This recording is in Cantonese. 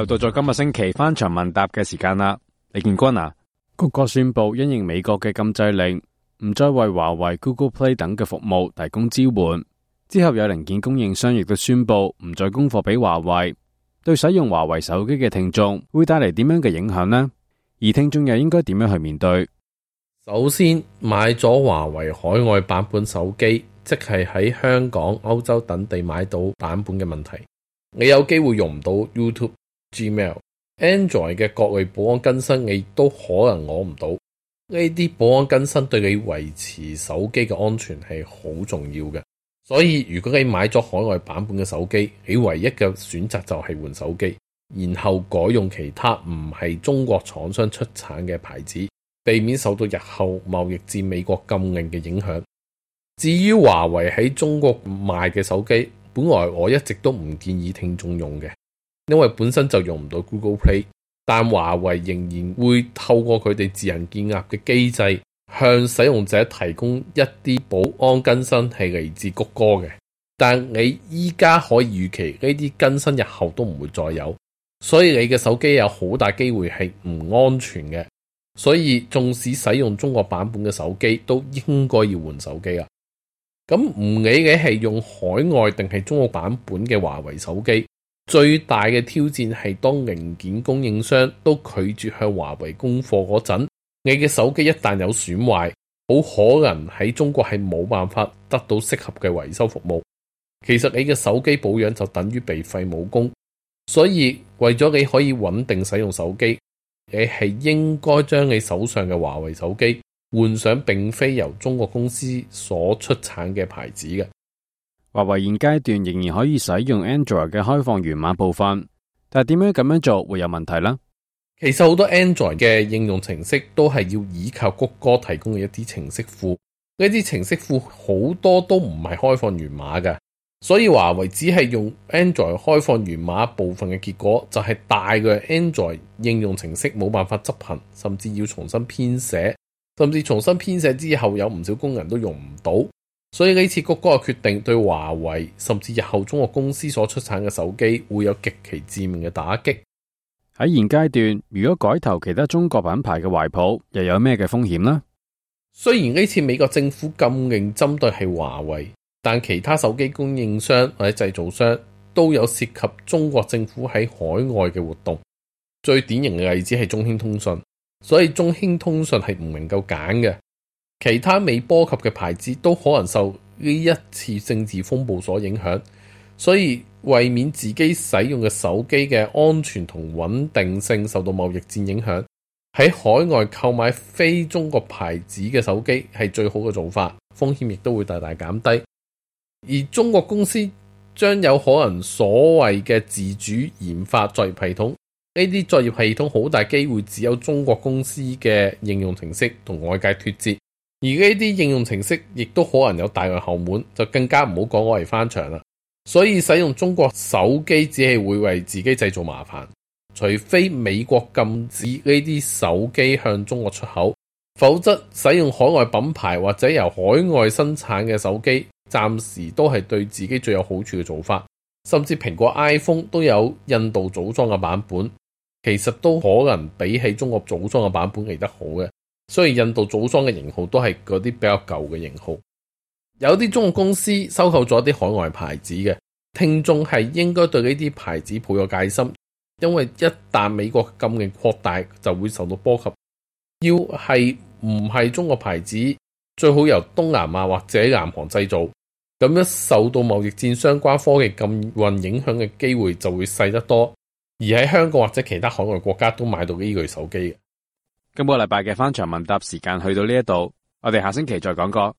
又到咗今日星期翻牆問答嘅時間啦。李建軍啊，谷歌宣布因應美國嘅禁制令，唔再為華為、Google Play 等嘅服務提供支援。之後有零件供應商亦都宣布唔再供貨俾華為。對使用華為手機嘅聽眾會帶嚟點樣嘅影響呢？而聽眾又應該點樣去面對？首先，買咗華為海外版本手機，即係喺香港、歐洲等地買到版本嘅問題，你有機會用唔到 YouTube。Gmail、Android 嘅各類保安更新，你都可能攞唔到。呢啲保安更新對你維持手機嘅安全係好重要嘅。所以，如果你買咗海外版本嘅手機，你唯一嘅選擇就係換手機，然後改用其他唔係中國廠商出產嘅牌子，避免受到日後貿易戰美國禁令嘅影響。至於華為喺中國賣嘅手機，本來我一直都唔建議聽眾用嘅。因為本身就用唔到 Google Play，但華為仍然會透過佢哋自行建立嘅機制，向使用者提供一啲保安更新係嚟自谷歌嘅。但你依家可以預期呢啲更新日後都唔會再有，所以你嘅手機有好大機會係唔安全嘅。所以縱使使用中國版本嘅手機，都應該要換手機呀。咁唔理你係用海外定係中國版本嘅華為手機，最大嘅挑戰係當零件供應商都拒絕向華為供貨嗰陣，你嘅手機一旦有損壞，好可能喺中國係冇辦法得到適合嘅維修服務。其實你嘅手機保養就等於被廢武功，所以為咗你可以穩定使用手機，你係應該將你手上嘅華為手機換上並非由中國公司所出產嘅牌子嘅。華為現階段仍然可以使用 Android 嘅開放源碼部分，但係點樣咁樣做會有問題呢？其實好多 Android 嘅應用程式都係要依靠谷歌提供嘅一啲程式庫，呢啲程式庫好多都唔係開放源碼嘅，所以華為只係用 Android 開放源碼部分嘅結果，就係大嘅 Android 應用程式冇辦法執行，甚至要重新編寫，甚至重新編寫之後有唔少工人都用唔到。所以呢次谷歌嘅決定對華為甚至日後中國公司所出產嘅手機會有極其致命嘅打擊。喺現階段，如果改投其他中國品牌嘅懷抱，又有咩嘅風險呢？雖然呢次美國政府禁令針對係華為，但其他手機供應商或者製造商都有涉及中國政府喺海外嘅活動。最典型嘅例子係中興通訊，所以中興通訊係唔能夠揀嘅。其他未波及嘅牌子，都可能受呢一次政治風暴所影響，所以為免自己使用嘅手機嘅安全同穩定性受到貿易戰影響，喺海外購買非中國牌子嘅手機係最好嘅做法，風險亦都會大大減低。而中國公司將有可能所謂嘅自主研發作業系統，呢啲作業系統好大機會只有中國公司嘅應用程式，同外界脫節。而呢啲應用程式亦都可能有大量後門，就更加唔好講我嚟翻牆啦。所以使用中國手機只係會為自己製造麻煩，除非美國禁止呢啲手機向中國出口，否則使用海外品牌或者由海外生產嘅手機，暫時都係對自己最有好處嘅做法。甚至蘋果 iPhone 都有印度組裝嘅版本，其實都可能比起中國組裝嘅版本嚟得好嘅。所以印度組裝嘅型號都係嗰啲比較舊嘅型號，有啲中國公司收購咗啲海外牌子嘅聽眾係應該對呢啲牌子抱有戒心，因為一旦美國禁令擴大，就會受到波及。要係唔係中國牌子，最好由東南亞或者南韓製造，咁樣受到貿易戰相關科技禁運影響嘅機會就會細得多，而喺香港或者其他海外國家都買到呢類手機。今個禮拜嘅翻牆問答時間去到呢一度，我哋下星期再講過。